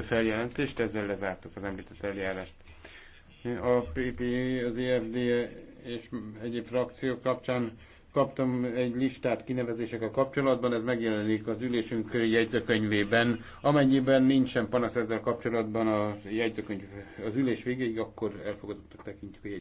feljelentést, ezzel lezártuk az említett eljárást. A PP, az EFD és egyéb frakciók kapcsán kaptam egy listát kinevezések a kapcsolatban, ez megjelenik az ülésünk jegyzőkönyvében. Amennyiben nincsen panasz ezzel kapcsolatban a jegyzőkönyv az ülés végéig, akkor elfogadottak tekintjük a jegyzőkönyv.